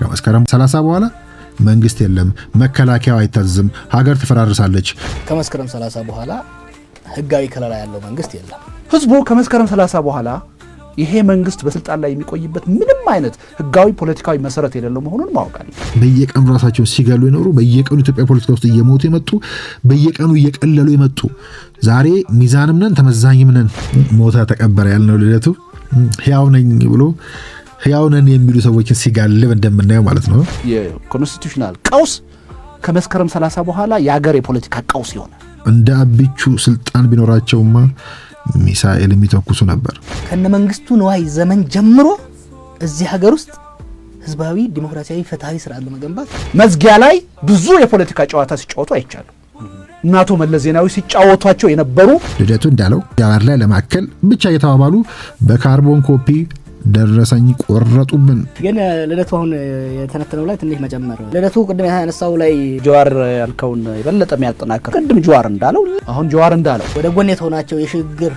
ከመስከረም 30 በኋላ መንግስት የለም፣ መከላከያው አይታዝም፣ ሀገር ትፈራርሳለች። ከመስከረም 30 በኋላ ህጋዊ ከለላ ያለው መንግስት የለም። ህዝቡ ከመስከረም 30 በኋላ ይሄ መንግስት በስልጣን ላይ የሚቆይበት ምንም አይነት ህጋዊ ፖለቲካዊ መሰረት የሌለው መሆኑን ማወቃል። በየቀኑ ራሳቸውን ሲገሉ የኖሩ በየቀኑ ኢትዮጵያ ፖለቲካ ውስጥ እየሞቱ የመጡ በየቀኑ እየቀለሉ የመጡ ዛሬ ሚዛንም ነን ተመዛኝም ነን ሞተ ተቀበረ ያልነው ልደቱ ህያው ነኝ ብሎ ህያውነን የሚሉ ሰዎችን ሲጋልብ እንደምናየው ማለት ነው። የኮንስቲቱሽናል ቀውስ ከመስከረም 30 በኋላ የአገር የፖለቲካ ቀውስ የሆነ እንደ አብቹ ስልጣን ቢኖራቸውማ ሚሳኤል የሚተኩሱ ነበር። ከነ መንግስቱ ነዋይ ዘመን ጀምሮ እዚህ ሀገር ውስጥ ህዝባዊ ዲሞክራሲያዊ ፍትሐዊ ስርዓት ለመገንባት መዝጊያ ላይ ብዙ የፖለቲካ ጨዋታ ሲጫወቱ አይቻሉ። እና አቶ መለስ ዜናዊ ሲጫወቷቸው የነበሩ ልደቱ እንዳለው ዳር ላይ ለማከል ብቻ እየተባባሉ በካርቦን ኮፒ ደረሰኝ ቆረጡብን። ግን ልደቱ አሁን የተነተነው ላይ ትንሽ መጨመር ልደቱ ቅድም ያነሳው ላይ ጀዋር ያልከውን የበለጠ የሚያጠናከር ቅድም ጀዋር እንዳለው አሁን ጀዋር እንዳለው ወደ ጎን የተሆናቸው የሽግግር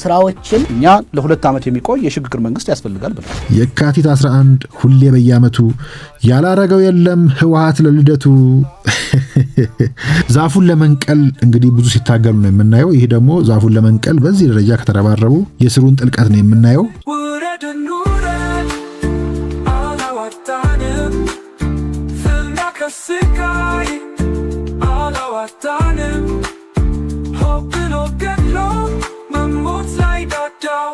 ስራዎችን እኛ ለሁለት ዓመት የሚቆይ የሽግግር መንግስት ያስፈልጋል ብለ የካቲት 11 ሁሌ በየዓመቱ ያላረገው የለም ህወሀት ለልደቱ ዛፉን ለመንቀል እንግዲህ ብዙ ሲታገሉ ነው የምናየው። ይህ ደግሞ ዛፉን ለመንቀል በዚህ ደረጃ ከተረባረቡ የስሩን ጥልቀት ነው የምናየው። ስቃይ አላዋጣንም ሆብሎ መሞት ላይ ዳዳው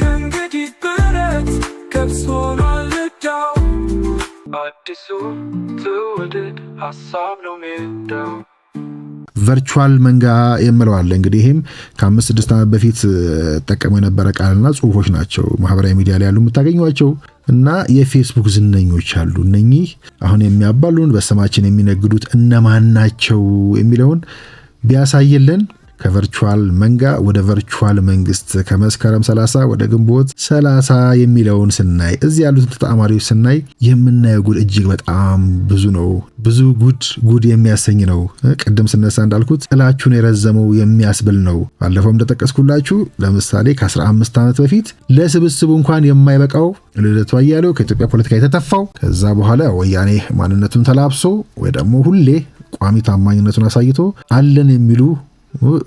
ከእንግዲህ ብረት ገብስ ቨርቹዋል መንጋ የምለው አለ እንግዲህ ይህም ከአምስት ስድስት ዓመት በፊት ጠቀሙ የነበረ ቃልና ጽሁፎች ናቸው። ማህበራዊ ሚዲያ ላይ ያሉ የምታገኟቸው እና የፌስቡክ ዝነኞች አሉ። እነኚህ አሁን የሚያባሉን በስማችን የሚነግዱት እነማን ናቸው የሚለውን ቢያሳይልን ከቨርቹዋል መንጋ ወደ ቨርቹዋል መንግስት ከመስከረም 30 ወደ ግንቦት 30 የሚለውን ስናይ እዚህ ያሉትን ተጣማሪዎች ስናይ የምናየው ጉድ እጅግ በጣም ብዙ ነው። ብዙ ጉድ ጉድ የሚያሰኝ ነው። ቅድም ስነሳ እንዳልኩት ጥላችሁን የረዘመው የሚያስብል ነው። ባለፈው እንደጠቀስኩላችሁ ለምሳሌ ከ15 ዓመት በፊት ለስብስቡ እንኳን የማይበቃው ልደቱ አያሌው ከኢትዮጵያ ፖለቲካ የተተፋው ከዛ በኋላ ወያኔ ማንነቱን ተላብሶ ወይ ደግሞ ሁሌ ቋሚ ታማኝነቱን አሳይቶ አለን የሚሉ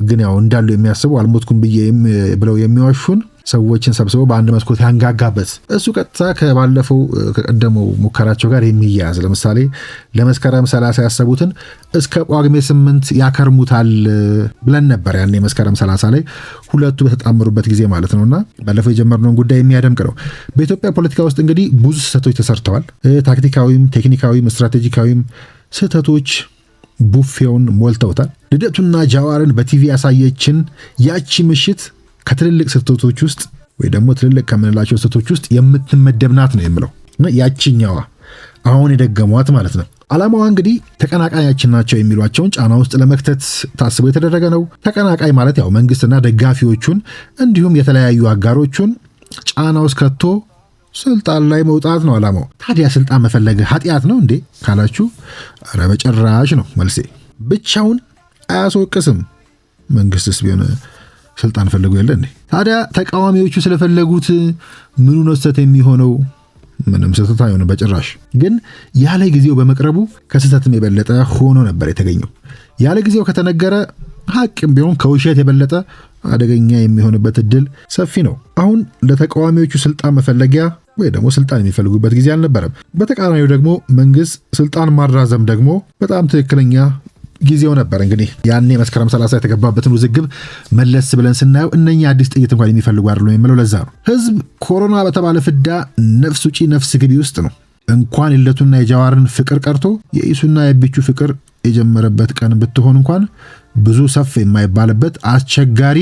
ግን ያው እንዳሉ የሚያስቡ አልሞትኩም ብዬ ብለው የሚዋሹን ሰዎችን ሰብስበው በአንድ መስኮት ያንጋጋበት እሱ ቀጥታ ከባለፈው ከቀደመው ሙከራቸው ጋር የሚያያዝ ለምሳሌ ለመስከረም ሰላሳ ያሰቡትን እስከ ጳጉሜ ስምንት ያከርሙታል ብለን ነበር። ያኔ መስከረም ሰላሳ ላይ ሁለቱ በተጣመሩበት ጊዜ ማለት ነውና ባለፈው የጀመርነውን ጉዳይ የሚያደምቅ ነው። በኢትዮጵያ ፖለቲካ ውስጥ እንግዲህ ብዙ ስህተቶች ተሰርተዋል። ታክቲካዊም፣ ቴክኒካዊም፣ ስትራቴጂካዊም ስህተቶች ቡፌውን ሞልተውታል። ልደቱና ጃዋርን በቲቪ ያሳየችን ያቺ ምሽት ከትልልቅ ስህተቶች ውስጥ ወይ ደግሞ ትልልቅ ከምንላቸው ስህተቶች ውስጥ የምትመደብናት ነው የምለው። ያቺኛዋ አሁን የደገሟት ማለት ነው። ዓላማዋ እንግዲህ ተቀናቃያችን ናቸው የሚሏቸውን ጫና ውስጥ ለመክተት ታስቦ የተደረገ ነው። ተቀናቃይ ማለት ያው መንግስትና ደጋፊዎቹን እንዲሁም የተለያዩ አጋሮቹን ጫና ውስጥ ከቶ ስልጣን ላይ መውጣት ነው አላማው ታዲያ ስልጣን መፈለግ ኃጢአት ነው እንዴ ካላችሁ፣ ኧረ በጭራሽ ነው መልሴ። ብቻውን አያስወቅስም። መንግስትስ ቢሆን ስልጣን ፈልጎ የለ እንዴ? ታዲያ ተቃዋሚዎቹ ስለፈለጉት ምኑ ነው ስህተት የሚሆነው? ምንም ስህተት አይሆንም በጭራሽ። ግን ያለ ጊዜው በመቅረቡ ከስህተትም የበለጠ ሆኖ ነበር የተገኘው። ያለ ጊዜው ከተነገረ ሀቅም ቢሆን ከውሸት የበለጠ አደገኛ የሚሆንበት እድል ሰፊ ነው። አሁን ለተቃዋሚዎቹ ስልጣን መፈለጊያ ወይ ደግሞ ስልጣን የሚፈልጉበት ጊዜ አልነበረም። በተቃራኒው ደግሞ መንግስት ስልጣን ማራዘም ደግሞ በጣም ትክክለኛ ጊዜው ነበር። እንግዲህ ያኔ መስከረም 30 የተገባበትን ውዝግብ መለስ ብለን ስናየው እነኛ አዲስ ጥይት እንኳን የሚፈልጉ አይደሉ የምለው ለዛ ነው። ህዝብ ኮሮና በተባለ ፍዳ ነፍስ ውጪ ነፍስ ግቢ ውስጥ ነው። እንኳን የለቱና የጃዋርን ፍቅር ቀርቶ የኢሱና የቢቹ ፍቅር የጀመረበት ቀን ብትሆን እንኳን ብዙ ሰፍ የማይባልበት አስቸጋሪ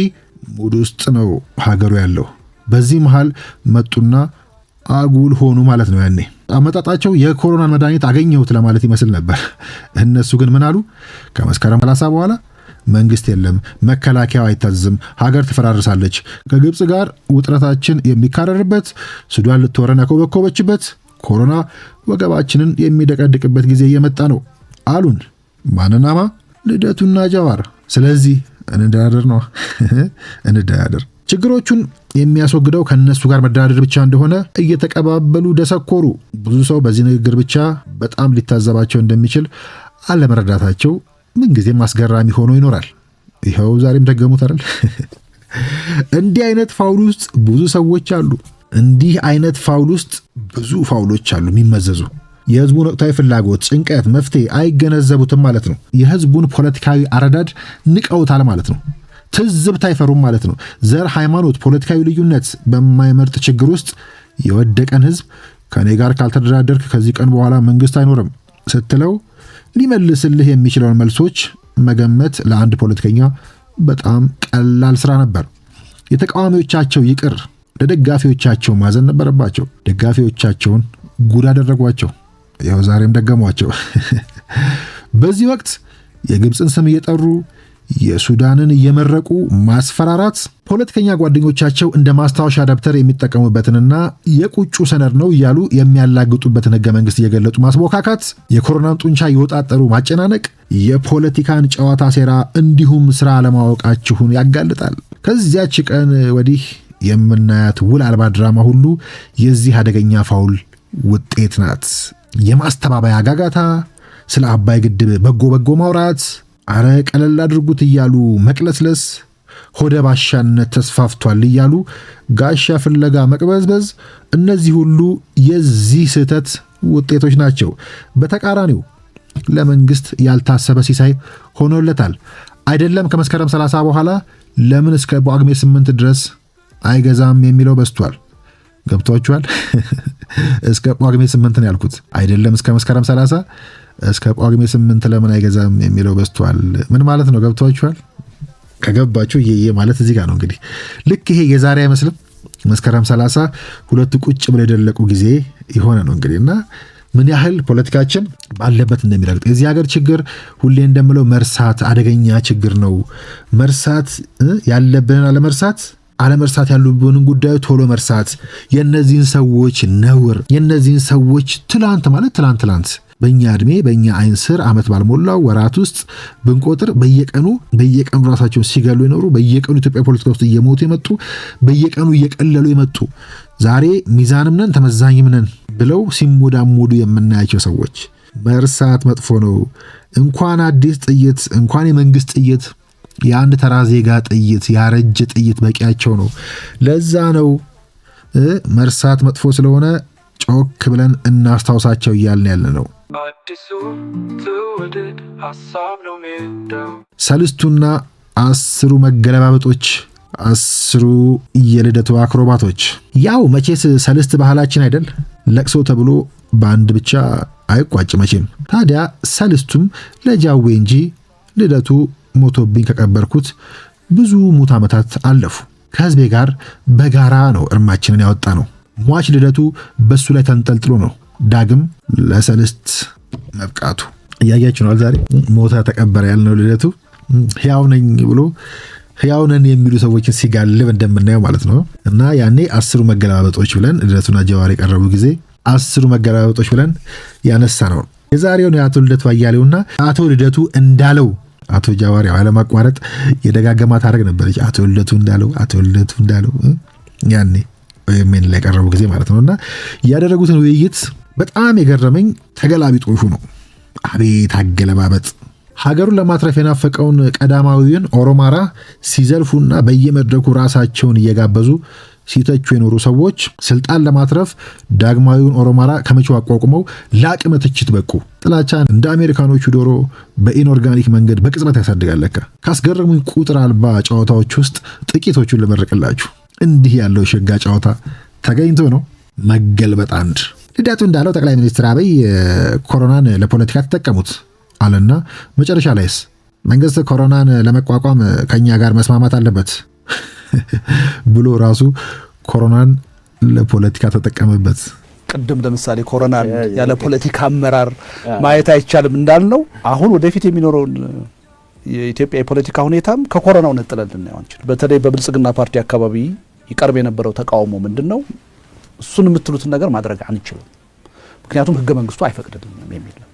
ሙድ ውስጥ ነው ሀገሩ ያለው። በዚህ መሃል መጡና አጉል ሆኑ ማለት ነው። ያኔ አመጣጣቸው የኮሮናን መድኃኒት አገኘሁት ለማለት ይመስል ነበር። እነሱ ግን ምን አሉ? ከመስከረም ሰላሳ በኋላ መንግስት የለም፣ መከላከያው አይታዝም ሀገር ትፈራርሳለች፣ ከግብፅ ጋር ውጥረታችን የሚካረርበት፣ ሱዳን ልትወረን ያኮበኮበችበት፣ ኮሮና ወገባችንን የሚደቀድቅበት ጊዜ እየመጣ ነው አሉን። ማንናማ ልደቱና ጀዋር። ስለዚህ እንደራደር ነው እንደራደር ችግሮቹን የሚያስወግደው ከእነሱ ጋር መደራደር ብቻ እንደሆነ እየተቀባበሉ ደሰኮሩ። ብዙ ሰው በዚህ ንግግር ብቻ በጣም ሊታዘባቸው እንደሚችል አለመረዳታቸው ምንጊዜም አስገራሚ ሆኖ ይኖራል። ይኸው ዛሬም ደገሙታል። እንዲህ አይነት ፋውል ውስጥ ብዙ ሰዎች አሉ። እንዲህ አይነት ፋውል ውስጥ ብዙ ፋውሎች አሉ የሚመዘዙ የህዝቡን ወቅታዊ ፍላጎት፣ ጭንቀት፣ መፍትሄ አይገነዘቡትም ማለት ነው። የህዝቡን ፖለቲካዊ አረዳድ ንቀውታል ማለት ነው። ትዝብት አይፈሩም ማለት ነው። ዘር፣ ሃይማኖት፣ ፖለቲካዊ ልዩነት በማይመርጥ ችግር ውስጥ የወደቀን ህዝብ ከእኔ ጋር ካልተደራደርክ ከዚህ ቀን በኋላ መንግስት አይኖርም ስትለው ሊመልስልህ የሚችለውን መልሶች መገመት ለአንድ ፖለቲከኛ በጣም ቀላል ስራ ነበር። የተቃዋሚዎቻቸው ይቅር ለደጋፊዎቻቸው ማዘን ነበረባቸው። ደጋፊዎቻቸውን ጉድ አደረጓቸው። ያው ዛሬም ደገሟቸው። በዚህ ወቅት የግብፅን ስም እየጠሩ የሱዳንን እየመረቁ ማስፈራራት ፖለቲከኛ ጓደኞቻቸው እንደ ማስታወሻ ደብተር የሚጠቀሙበትንና የቁጩ ሰነድ ነው እያሉ የሚያላግጡበትን ህገ መንግስት እየገለጡ ማስቦካካት፣ የኮሮናን ጡንቻ የወጣጠሩ ማጨናነቅ፣ የፖለቲካን ጨዋታ ሴራ፣ እንዲሁም ስራ አለማወቃችሁን ያጋልጣል። ከዚያች ቀን ወዲህ የምናያት ውል አልባ ድራማ ሁሉ የዚህ አደገኛ ፋውል ውጤት ናት። የማስተባበያ አጋጋታ፣ ስለ አባይ ግድብ በጎ በጎ ማውራት አረ ቀለል አድርጉት እያሉ መቅለስለስ፣ ሆደ ባሻነት ተስፋፍቷል እያሉ ጋሻ ፍለጋ መቅበዝበዝ፣ እነዚህ ሁሉ የዚህ ስህተት ውጤቶች ናቸው። በተቃራኒው ለመንግስት ያልታሰበ ሲሳይ ሆኖለታል። አይደለም ከመስከረም 30 በኋላ ለምን እስከ ጳጉሜ 8 ድረስ አይገዛም የሚለው በዝቷል። ገብቷችኋል? እስከ ጳጉሜ 8 ነው ያልኩት፣ አይደለም እስከ መስከረም 30 እስከ ጳጉሜ ስምንት ለምን አይገዛም የሚለው በዝቷል። ምን ማለት ነው? ገብቷችኋል? ከገባችሁ እየየ ማለት እዚህ ጋር ነው እንግዲህ። ልክ ይሄ የዛሬ አይመስልም መስከረም 30 ሁለቱ ቁጭ ብለው የደለቁ ጊዜ የሆነ ነው እንግዲህ እና ምን ያህል ፖለቲካችን ባለበት እንደሚረግጥ የዚህ ሀገር ችግር ሁሌ እንደምለው መርሳት አደገኛ ችግር ነው። መርሳት ያለብንን አለመርሳት አለመርሳት ያሉብንን ጉዳዩ ቶሎ መርሳት የእነዚህን ሰዎች ነውር የእነዚህን ሰዎች ትላንት ማለት ትላንት ትላንት በእኛ እድሜ በእኛ አይን ስር አመት ባልሞላው ወራት ውስጥ ብንቆጥር በየቀኑ በየቀኑ ራሳቸውን ሲገሉ የኖሩ በየቀኑ ኢትዮጵያ ፖለቲካ ውስጥ እየሞቱ የመጡ በየቀኑ እየቀለሉ የመጡ ዛሬ ሚዛንም ነን ተመዛኝም ነን ብለው ሲሞዳሞዱ የምናያቸው ሰዎች መርሳት መጥፎ ነው። እንኳን አዲስ ጥይት እንኳን የመንግስት ጥይት የአንድ ተራ ዜጋ ጥይት ያረጀ ጥይት በቂያቸው ነው። ለዛ ነው መርሳት መጥፎ ስለሆነ ጮክ ብለን እናስታውሳቸው እያልን ያለ ነው። ሰልስቱና አስሩ መገለባበጦች አስሩ የልደቱ አክሮባቶች። ያው መቼስ ሰልስት ባህላችን አይደል? ለቅሶ ተብሎ በአንድ ብቻ አይቋጭ መቼም። ታዲያ ሰልስቱም ለጃዌ እንጂ ልደቱ ሞቶብኝ ከቀበርኩት ብዙ ሙት ዓመታት አለፉ። ከህዝቤ ጋር በጋራ ነው እርማችንን ያወጣ ነው። ሟች ልደቱ በእሱ ላይ ተንጠልጥሎ ነው ዳግም ለሰልስት መብቃቱ እያያችሁ ነዋል። ዛሬ ሞተ ተቀበረ ያልነው ልደቱ ሕያው ነኝ ብሎ ሕያው ነን የሚሉ ሰዎችን ሲጋልብ እንደምናየው ማለት ነው። እና ያኔ አስሩ መገለባበጦች ብለን ልደቱና ጀዋር የቀረቡ ጊዜ አስሩ መገለባበጦች ብለን ያነሳ ነው የዛሬውን የአቶ ልደቱ አያሌውና አቶ ልደቱ እንዳለው አቶ ጃዋር ያው አለማቋረጥ የደጋገማ ታደረግ ነበረች። አቶ ልደቱ እንዳለው አቶ ልደቱ እንዳለው ያኔ ሜን ላይ ቀረቡ ጊዜ ማለት ነው እና ያደረጉትን ውይይት በጣም የገረመኝ ተገላቢጦሹ ነው። አቤት አገለባበጥ! ሀገሩን ለማትረፍ የናፈቀውን ቀዳማዊውን ኦሮማራ ሲዘልፉና በየመድረኩ ራሳቸውን እየጋበዙ ሲተቹ የኖሩ ሰዎች ስልጣን ለማትረፍ ዳግማዊውን ኦሮማራ ከመቼው አቋቁመው ለአቅመ ትችት በቁ። ጥላቻን እንደ አሜሪካኖቹ ዶሮ በኢንኦርጋኒክ መንገድ በቅጽበት ያሳድጋለከ። ካስገረሙኝ ቁጥር አልባ ጨዋታዎች ውስጥ ጥቂቶቹን ልመርቅላችሁ። እንዲህ ያለው ሸጋ ጨዋታ ተገኝቶ ነው መገልበጥ አንድ ልደቱ እንዳለው ጠቅላይ ሚኒስትር አብይ ኮሮናን ለፖለቲካ ተጠቀሙት አለና መጨረሻ ላይስ መንግስት ኮሮናን ለመቋቋም ከኛ ጋር መስማማት አለበት ብሎ ራሱ ኮሮናን ለፖለቲካ ተጠቀመበት። ቅድም ለምሳሌ ኮሮናን ያለ ፖለቲካ አመራር ማየት አይቻልም እንዳልነው አሁን ወደፊት የሚኖረውን የኢትዮጵያ የፖለቲካ ሁኔታም ከኮሮናው ነጥለን ልናየው አንችል። በተለይ በብልጽግና ፓርቲ አካባቢ ይቀርብ የነበረው ተቃውሞ ምንድን ነው? እሱን የምትሉትን ነገር ማድረግ አንችልም፣ ምክንያቱም ህገ መንግስቱ አይፈቅድልንም የሚል ነበር።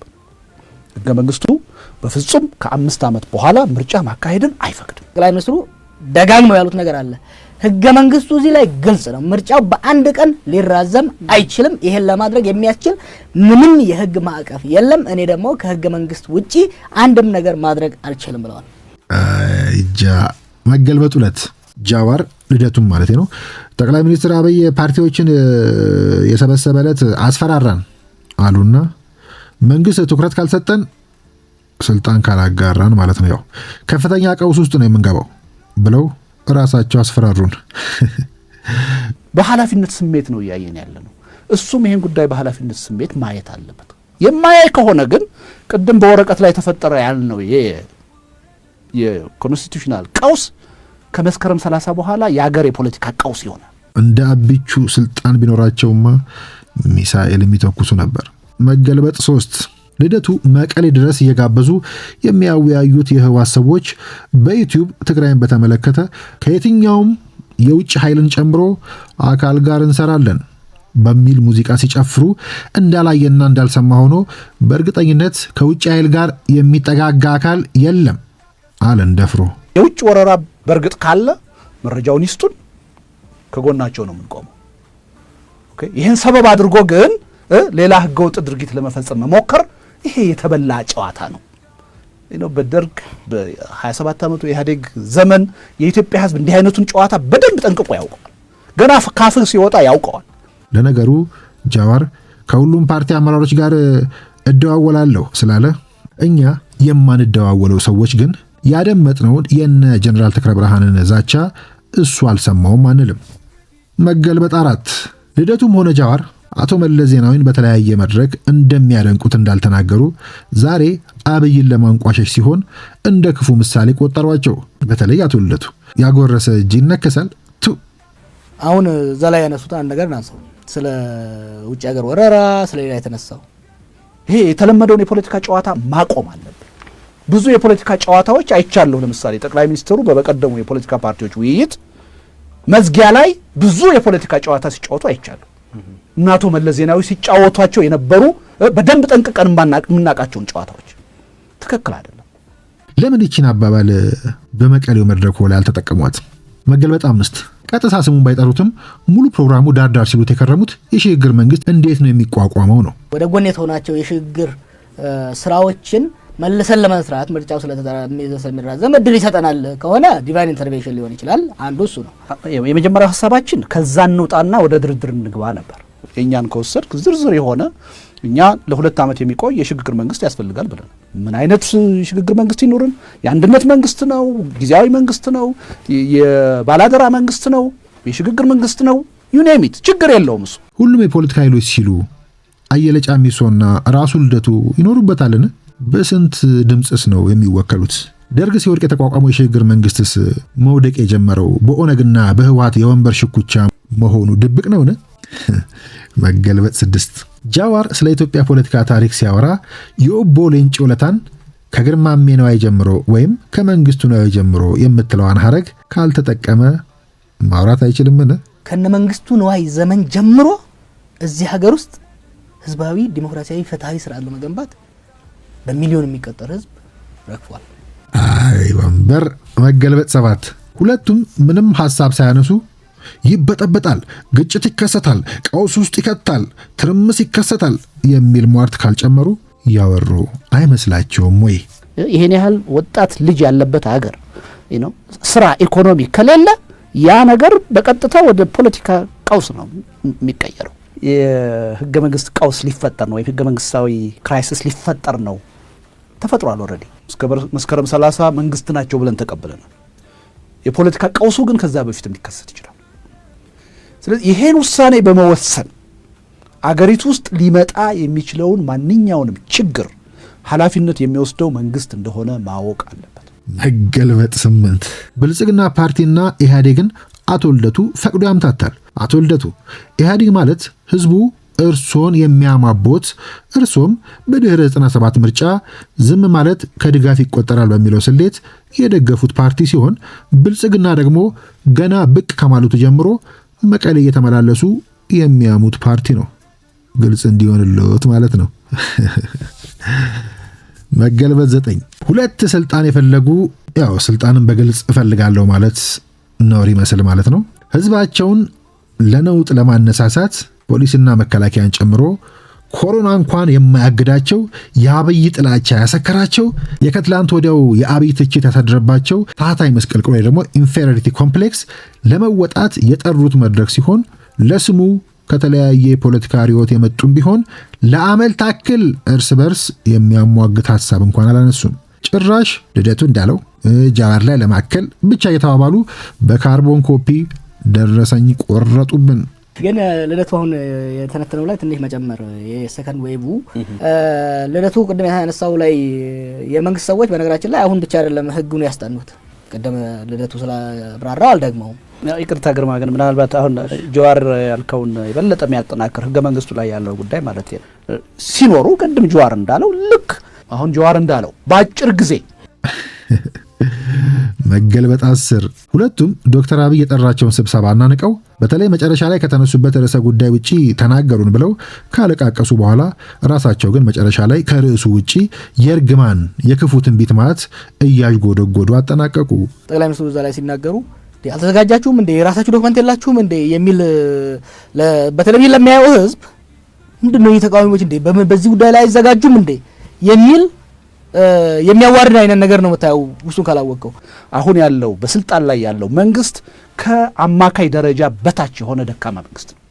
ህገ መንግስቱ በፍጹም ከአምስት ዓመት በኋላ ምርጫ ማካሄድን አይፈቅድም። ጠቅላይ ሚኒስትሩ ደጋግመው ያሉት ነገር አለ። ህገ መንግስቱ እዚህ ላይ ግልጽ ነው። ምርጫው በአንድ ቀን ሊራዘም አይችልም። ይሄን ለማድረግ የሚያስችል ምንም የህግ ማዕቀፍ የለም። እኔ ደግሞ ከህገ መንግስት ውጪ አንድም ነገር ማድረግ አልችልም ብለዋል። እጃ መገልበጥ ሁለት ጃዋር ልደቱም ማለት ነው። ጠቅላይ ሚኒስትር አብይ ፓርቲዎችን የሰበሰበ ዕለት አስፈራራን አሉና መንግስት ትኩረት ካልሰጠን ስልጣን ካላጋራን ማለት ነው ያው ከፍተኛ ቀውስ ውስጥ ነው የምንገባው ብለው እራሳቸው አስፈራሩን። በኃላፊነት ስሜት ነው እያየን ያለ ነው። እሱም ይህን ጉዳይ በኃላፊነት ስሜት ማየት አለበት። የማያይ ከሆነ ግን ቅድም በወረቀት ላይ ተፈጠረ ያልነው የኮንስቲቱሽናል ቀውስ ከመስከረም 30 በኋላ የአገር የፖለቲካ ቀውስ ይሆነ። እንደ አቢቹ ስልጣን ቢኖራቸውማ ሚሳኤል የሚተኩሱ ነበር። መገልበጥ ሶስት ልደቱ መቀሌ ድረስ እየጋበዙ የሚያወያዩት የህወሓት ሰዎች በዩቲዩብ ትግራይን በተመለከተ ከየትኛውም የውጭ ኃይልን ጨምሮ አካል ጋር እንሰራለን በሚል ሙዚቃ ሲጨፍሩ እንዳላየና እንዳልሰማ ሆኖ በእርግጠኝነት ከውጭ ኃይል ጋር የሚጠጋጋ አካል የለም አለን ደፍሮ የውጭ ወረራ በእርግጥ ካለ መረጃውን ይስጡን፣ ከጎናቸው ነው የምንቆመው። ይህን ሰበብ አድርጎ ግን ሌላ ህገወጥ ድርጊት ለመፈጸም መሞከር ይሄ የተበላ ጨዋታ ነው። በደርግ በ27 ዓመቱ ኢህአዴግ ዘመን የኢትዮጵያ ህዝብ እንዲህ አይነቱን ጨዋታ በደንብ ጠንቅቆ ያውቀዋል። ገና ካፍህ ሲወጣ ያውቀዋል። ለነገሩ ጃዋር ከሁሉም ፓርቲ አመራሮች ጋር እደዋወላለሁ ስላለ እኛ የማንደዋወለው ሰዎች ግን ያደመጥነውን የነ ጀኔራል ተክለ ብርሃንን ዛቻ እሱ አልሰማውም አንልም። መገልበጥ አራት ልደቱም ሆነ ጃዋር አቶ መለስ ዜናዊን በተለያየ መድረክ እንደሚያደንቁት እንዳልተናገሩ ዛሬ አብይን ለማንቋሸሽ ሲሆን እንደ ክፉ ምሳሌ ቆጠሯቸው። በተለይ አቶ ልደቱ ያጎረሰ እጅ ይነከሳል። ቱ አሁን እዛ ላይ ያነሱት አንድ ነገር ናንሰው ስለ ውጭ ሀገር ወረራ ስለሌላ የተነሳው ይሄ የተለመደውን የፖለቲካ ጨዋታ ማቆም አለበት። ብዙ የፖለቲካ ጨዋታዎች አይቻለሁ። ለምሳሌ ጠቅላይ ሚኒስትሩ በበቀደሙ የፖለቲካ ፓርቲዎች ውይይት መዝጊያ ላይ ብዙ የፖለቲካ ጨዋታ ሲጫወቱ አይቻለሁ። እና አቶ መለስ ዜናዊ ሲጫወቷቸው የነበሩ በደንብ ጠንቅቀን የምናውቃቸውን ጨዋታዎች ትክክል አይደለም። ለምን ይችን አባባል በመቀሌው መድረክ ላይ አልተጠቀሟት? መገልበጥ አምስት ቀጥታ ስሙን ባይጠሩትም ሙሉ ፕሮግራሙ ዳርዳር ሲሉት የከረሙት የሽግግር መንግስት እንዴት ነው የሚቋቋመው ነው። ወደ ጎን የተሆናቸው የሽግግር ስራዎችን መልሰን ለመስራት ምርጫው ስለሚራዘም እድል ይሰጠናል ከሆነ ዲቫይን ኢንተርቬንሽን ሊሆን ይችላል። አንዱ እሱ ነው። የመጀመሪያው ሀሳባችን ከዛ እንውጣና ወደ ድርድር እንግባ ነበር። የእኛን ከወሰድ ዝርዝር የሆነ እኛ ለሁለት ዓመት የሚቆይ የሽግግር መንግስት ያስፈልጋል ብለን ምን አይነት ሽግግር መንግስት ይኖርን? የአንድነት መንግስት ነው? ጊዜያዊ መንግስት ነው? የባላደራ መንግስት ነው? የሽግግር መንግስት ነው? ዩኔሚት ችግር የለውም እሱ። ሁሉም የፖለቲካ ኃይሎች ሲሉ አየለ ጫሚሶና ራሱ ልደቱ ይኖሩበታልን? በስንት ድምፅስ ነው የሚወከሉት? ደርግ ሲወድቅ የተቋቋመው የሽግግር መንግስትስ መውደቅ የጀመረው በኦነግና በህወሓት የወንበር ሽኩቻ መሆኑ ድብቅ ነውን? መገልበጥ ስድስት ጃዋር ስለ ኢትዮጵያ ፖለቲካ ታሪክ ሲያወራ የኦቦ ሌንጮ ለታን ከግርማሜ ነዋይ ጀምሮ ወይም ከመንግስቱ ነዋይ ጀምሮ የምትለዋን ሀረግ ካልተጠቀመ ማውራት አይችልምን? ከነ መንግስቱ ነዋይ ዘመን ጀምሮ እዚህ ሀገር ውስጥ ህዝባዊ ዲሞክራሲያዊ ፍትሐዊ ስርዓት ለመገንባት በሚሊዮን የሚቆጠር ህዝብ ረግፏል። አይ ወንበር መገልበጥ ሰባት ሁለቱም ምንም ሀሳብ ሳያነሱ ይበጠበጣል፣ ግጭት ይከሰታል፣ ቀውስ ውስጥ ይከታል፣ ትርምስ ይከሰታል የሚል ሟርት ካልጨመሩ ያወሩ አይመስላቸውም ወይ? ይህን ያህል ወጣት ልጅ ያለበት ሀገር ስራ፣ ኢኮኖሚ ከሌለ ያ ነገር በቀጥታ ወደ ፖለቲካ ቀውስ ነው የሚቀየረው። የህገ መንግስት ቀውስ ሊፈጠር ነው ወይም ህገ መንግስታዊ ክራይሲስ ሊፈጠር ነው ተፈጥሯል። ኦልሬዲ መስከረም 30 መንግስት ናቸው ብለን ተቀብለናል። የፖለቲካ ቀውሱ ግን ከዛ በፊትም ሊከሰት ይችላል። ስለዚህ ይሄን ውሳኔ በመወሰን አገሪቱ ውስጥ ሊመጣ የሚችለውን ማንኛውንም ችግር ኃላፊነት የሚወስደው መንግስት እንደሆነ ማወቅ አለበት። መገልበጥ ስምንት ብልጽግና ፓርቲና ኢህአዴግን አቶ ልደቱ ፈቅዶ ያምታታል። አቶ ልደቱ ኢህአዴግ ማለት ህዝቡ እርሶን የሚያማቦት እርሶም በድኅረ 97 ምርጫ ዝም ማለት ከድጋፍ ይቆጠራል በሚለው ስሌት የደገፉት ፓርቲ ሲሆን ብልጽግና ደግሞ ገና ብቅ ከማለቱ ጀምሮ መቀሌ እየተመላለሱ የሚያሙት ፓርቲ ነው። ግልጽ እንዲሆንልዎት ማለት ነው። መገልበት ዘጠኝ ሁለት ስልጣን የፈለጉ ያው ስልጣንን በግልጽ እፈልጋለሁ ማለት ነውር ይመስል ማለት ነው ህዝባቸውን ለነውጥ ለማነሳሳት ፖሊስና መከላከያን ጨምሮ ኮሮና እንኳን የማያግዳቸው የአብይ ጥላቻ ያሰከራቸው የከትላንት ወዲያው የአብይ ትችት ያሳደረባቸው ታህታይ መስቀልቅሎ ደግሞ ኢንፌሪቲ ኮምፕሌክስ ለመወጣት የጠሩት መድረክ ሲሆን ለስሙ ከተለያየ የፖለቲካ ርዕዮት የመጡም ቢሆን ለአመል ታክል እርስ በርስ የሚያሟግት ሀሳብ እንኳን አላነሱም። ጭራሽ ልደቱ እንዳለው ጃዋር ላይ ለማከል ብቻ እየተባባሉ በካርቦን ኮፒ ደረሰኝ ቆረጡብን። ግን ልደቱ አሁን የተነተነው ላይ ትንሽ መጨመር የሰከንድ ዌቡ ልደቱ ቅድም ያነሳው ላይ የመንግስት ሰዎች በነገራችን ላይ አሁን ብቻ አይደለም ህጉን ያስጠኑት። ቅድም ልደቱ ስላብራራ አልደግመውም። ይቅርታ ግርማ፣ ግን ምናልባት አሁን ጀዋር ያልከውን የበለጠ የሚያጠናክር ህገ መንግስቱ ላይ ያለው ጉዳይ ማለት ሲኖሩ ቅድም ጀዋር እንዳለው ልክ አሁን ጀዋር እንዳለው በአጭር ጊዜ መገልበጥ አስር ሁለቱም ዶክተር አብይ የጠራቸውን ስብሰባ አናንቀው በተለይ መጨረሻ ላይ ከተነሱበት ርዕሰ ጉዳይ ውጪ ተናገሩን ብለው ካለቃቀሱ በኋላ ራሳቸው ግን መጨረሻ ላይ ከርዕሱ ውጪ የእርግማን የክፉ ትንቢት ማለት እያዥጎደጎዱ አጠናቀቁ። ጠቅላይ ሚኒስትሩ እዛ ላይ ሲናገሩ አልተዘጋጃችሁም እንዴ የራሳችሁ ዶክመንት የላችሁም እንዴ የሚል በቴሌቪዥን ለሚያየው ህዝብ ምንድን ነው የተቃዋሚዎች እንዴ በዚህ ጉዳይ ላይ አይዘጋጁም እንዴ የሚል የሚያዋርድ አይነት ነገር ነው የምታየው ውስጡን ካላወቀው። አሁን ያለው በስልጣን ላይ ያለው መንግስት ከአማካይ ደረጃ በታች የሆነ ደካማ መንግስት ነው።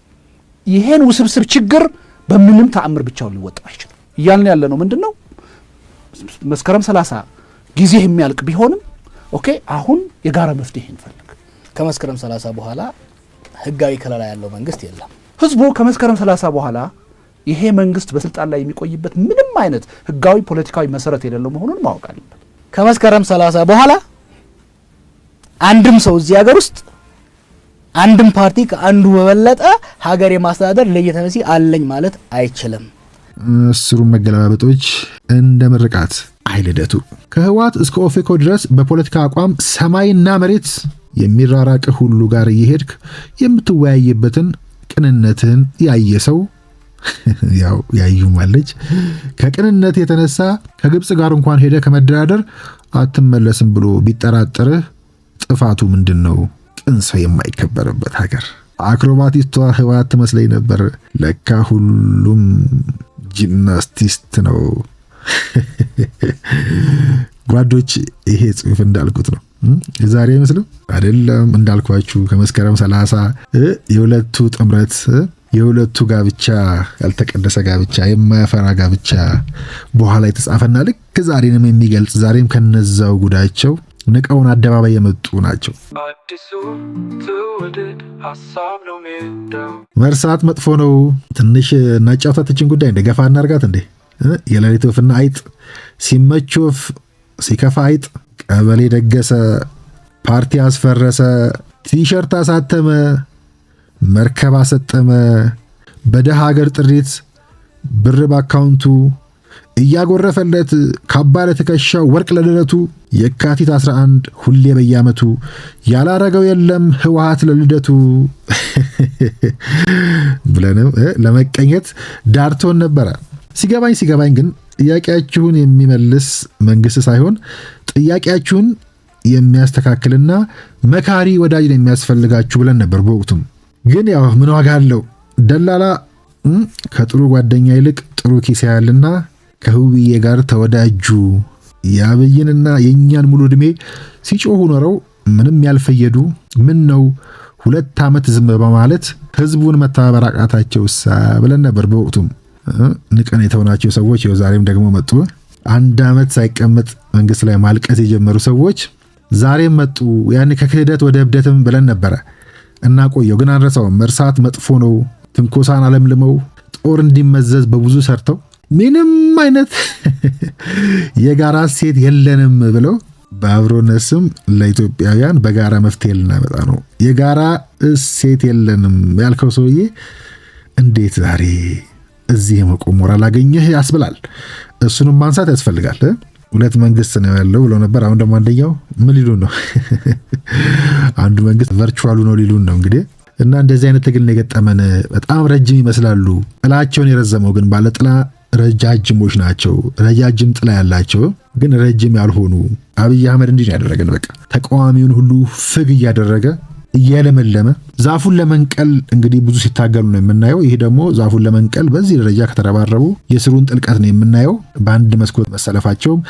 ይሄን ውስብስብ ችግር በምንም ተአምር ብቻውን ሊወጣ አይችልም። እያልን ያለ ነው ምንድን ነው መስከረም ሰላሳ ጊዜ የሚያልቅ ቢሆንም ኦኬ፣ አሁን የጋራ መፍትሄ እንፈልግ። ከመስከረም ሰላሳ በኋላ ህጋዊ ከለላ ያለው መንግስት የለም። ህዝቡ ከመስከረም ሰላሳ በኋላ ይሄ መንግስት በስልጣን ላይ የሚቆይበት ምንም አይነት ህጋዊ ፖለቲካዊ መሰረት የሌለው መሆኑን ማወቅ አለበት። ከመስከረም ሰላሳ በኋላ አንድም ሰው እዚህ ሀገር ውስጥ አንድም ፓርቲ ከአንዱ በበለጠ ሀገር የማስተዳደር ለየተነሲ አለኝ ማለት አይችልም። ስሩ መገለባበጦች እንደ ምርቃት አይልደቱ ከህወሓት እስከ ኦፌኮ ድረስ በፖለቲካ አቋም ሰማይና መሬት የሚራራቅ ሁሉ ጋር እየሄድክ የምትወያይበትን ቅንነትን ያየ ሰው ያዩማለች። ከቅንነት የተነሳ ከግብፅ ጋር እንኳን ሄደ ከመደራደር አትመለስም ብሎ ቢጠራጠርህ ጥፋቱ ምንድን ነው? ቅን ሰው የማይከበርበት ሀገር። አክሮባቲስቷ ህወሓት ትመስለኝ ነበር። ለካ ሁሉም ጂምናስቲስት ነው። ጓዶች ይሄ ጽሑፍ እንዳልኩት ነው። የዛሬ አይመስልም አይደለም? እንዳልኳችሁ ከመስከረም ሰላሳ የሁለቱ ጥምረት የሁለቱ ጋብቻ ያልተቀደሰ ጋብቻ፣ የማያፈራ ጋብቻ በኋላ የተጻፈና ልክ ዛሬንም የሚገልጽ ዛሬም ከነዛው ጉዳቸው ንቀውን አደባባይ የመጡ ናቸው። መርሳት መጥፎ ነው። ትንሽ እናጫውታትችን ጉዳይ እንደ ገፋ እናርጋት እንዴ። የሌሊት ወፍና አይጥ ሲመች ወፍ፣ ሲከፋ አይጥ። ቀበሌ ደገሰ፣ ፓርቲ አስፈረሰ፣ ቲሸርት አሳተመ መርከብ አሰጠመ፣ በደሃ ሀገር ጥሪት ብር በአካውንቱ እያጎረፈለት ካባ ለትከሻው ወርቅ ለደረቱ የካቲት 11 ሁሌ በየዓመቱ ያላረገው የለም ህወሓት ለልደቱ ብለንም ለመቀኘት ዳርቶን ነበረ። ሲገባኝ ሲገባኝ ግን ጥያቄያችሁን የሚመልስ መንግስት ሳይሆን ጥያቄያችሁን የሚያስተካክልና መካሪ ወዳጅን የሚያስፈልጋችሁ ብለን ነበር በወቅቱም ግን ያው ምን ዋጋ አለው? ደላላ ከጥሩ ጓደኛ ይልቅ ጥሩ ኪስ ያልና ከህውዬ ጋር ተወዳጁ። የአብይንና የእኛን ሙሉ ዕድሜ ሲጮሁ ኖረው ምንም ያልፈየዱ ምን ነው ሁለት ዓመት ዝም በማለት ህዝቡን መተባበር ሳ ብለን ነበር በወቅቱም። ንቀን የተሆናቸው ሰዎች ይኸው ዛሬም ደግሞ መጡ። አንድ ዓመት ሳይቀመጥ መንግስት ላይ ማልቀስ የጀመሩ ሰዎች ዛሬም መጡ። ያኔ ከክህደት ወደ እብደትም ብለን ነበረ። እናቆየው ግን አንረሳውም። እርሳት መጥፎ ነው። ትንኮሳን አለምልመው ጦር እንዲመዘዝ በብዙ ሰርተው ምንም አይነት የጋራ ሴት የለንም ብለው በአብሮነት ስም ለኢትዮጵያውያን በጋራ መፍትሄ ልናመጣ ነው። የጋራ እሴት የለንም ያልከው ሰውዬ እንዴት ዛሬ እዚህ የመቆም ሞራል አገኘህ ያስብላል። እሱንም ማንሳት ያስፈልጋል። ሁለት መንግስት ነው ያለው ብለው ነበር። አሁን ደግሞ አንደኛው ምን ሊሉን ነው? አንዱ መንግስት ቨርቹዋሉ ነው ሊሉን ነው እንግዲህ እና እንደዚህ አይነት ትግል የገጠመን በጣም ረጅም ይመስላሉ። ጥላቸውን የረዘመው ግን ባለጥላ ረጃጅሞች ናቸው። ረጃጅም ጥላ ያላቸው ግን ረጅም ያልሆኑ አብይ አህመድ እንዲህ ያደረገን። በቃ ተቃዋሚውን ሁሉ ፍግ እያደረገ እየለመለመ ዛፉን ለመንቀል እንግዲህ ብዙ ሲታገሉ ነው የምናየው። ይህ ደግሞ ዛፉን ለመንቀል በዚህ ደረጃ ከተረባረቡ የስሩን ጥልቀት ነው የምናየው። በአንድ መስኮት መሰለፋቸውም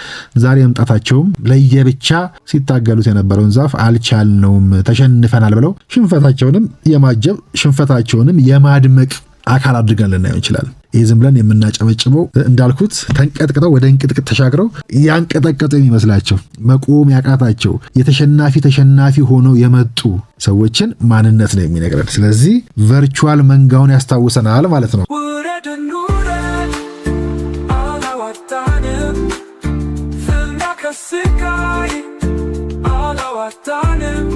ዛሬ መምጣታቸውም ለየብቻ ሲታገሉት የነበረውን ዛፍ አልቻልነውም፣ ተሸንፈናል ብለው ሽንፈታቸውንም የማጀብ ሽንፈታቸውንም የማድመቅ አካል አድርገን ልናየው እንችላለን። ይሄ ዝም ብለን የምናጨበጭበው እንዳልኩት ተንቀጥቅጠው ወደ እንቅጥቅጥ ተሻግረው ያንቀጠቀጡ የሚመስላቸው መቆም ያቃታቸው የተሸናፊ ተሸናፊ ሆነው የመጡ ሰዎችን ማንነት ነው የሚነግረን። ስለዚህ ቨርቹዋል መንጋውን ያስታውሰናል ማለት ነው። አላዋጣንም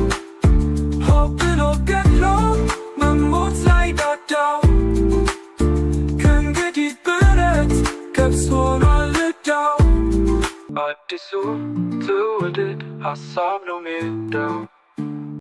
ሆብን ገድሎ መሞት ላይ ዳዳው ሆኗል አዲሱ ትውልድ ሀሳብ ነው ሜዳው